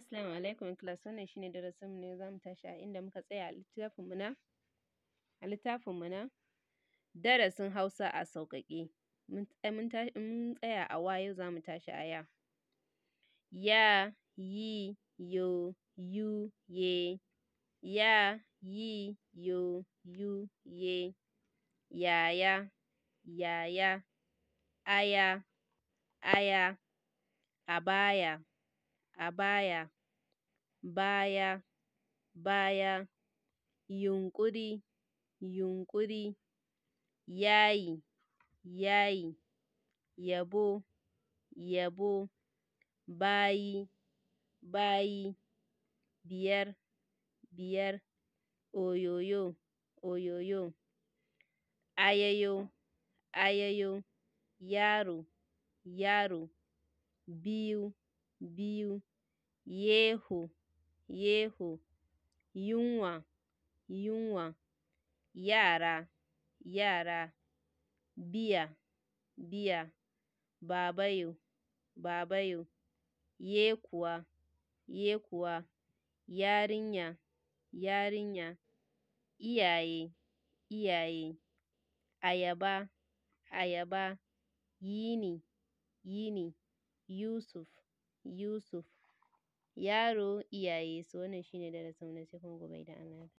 Assalamu alaikum class wannan shine darasin mu ne zamu tashi a inda muka tsaya a littafin mu na a littafin mu na darasin Hausa a sauƙaƙe mun eh, mun tsaya a wa yau zamu tashi a ya ya yi yo yu ye ya yi yo yu ye yaya yaya aya aya abaya a baya, baya, baya, yunƙuri, yunƙuri, yayi, yayi, yabo, yabo, bayi, bayi, biyar, biyar, oyoyo, oyoyo, ayayo, ayayo, yaro, yaro, biyu, biyu yeho yeho yunwa yunwa yara yara biya biya babayo babayo yekuwa yekuwa yarinya yarinya iyaye iyaye ayaba ayaba yini yini Yusuf Yusuf. Yaro, iyaye. So wannan shi ne na sai kuma gobe da Allah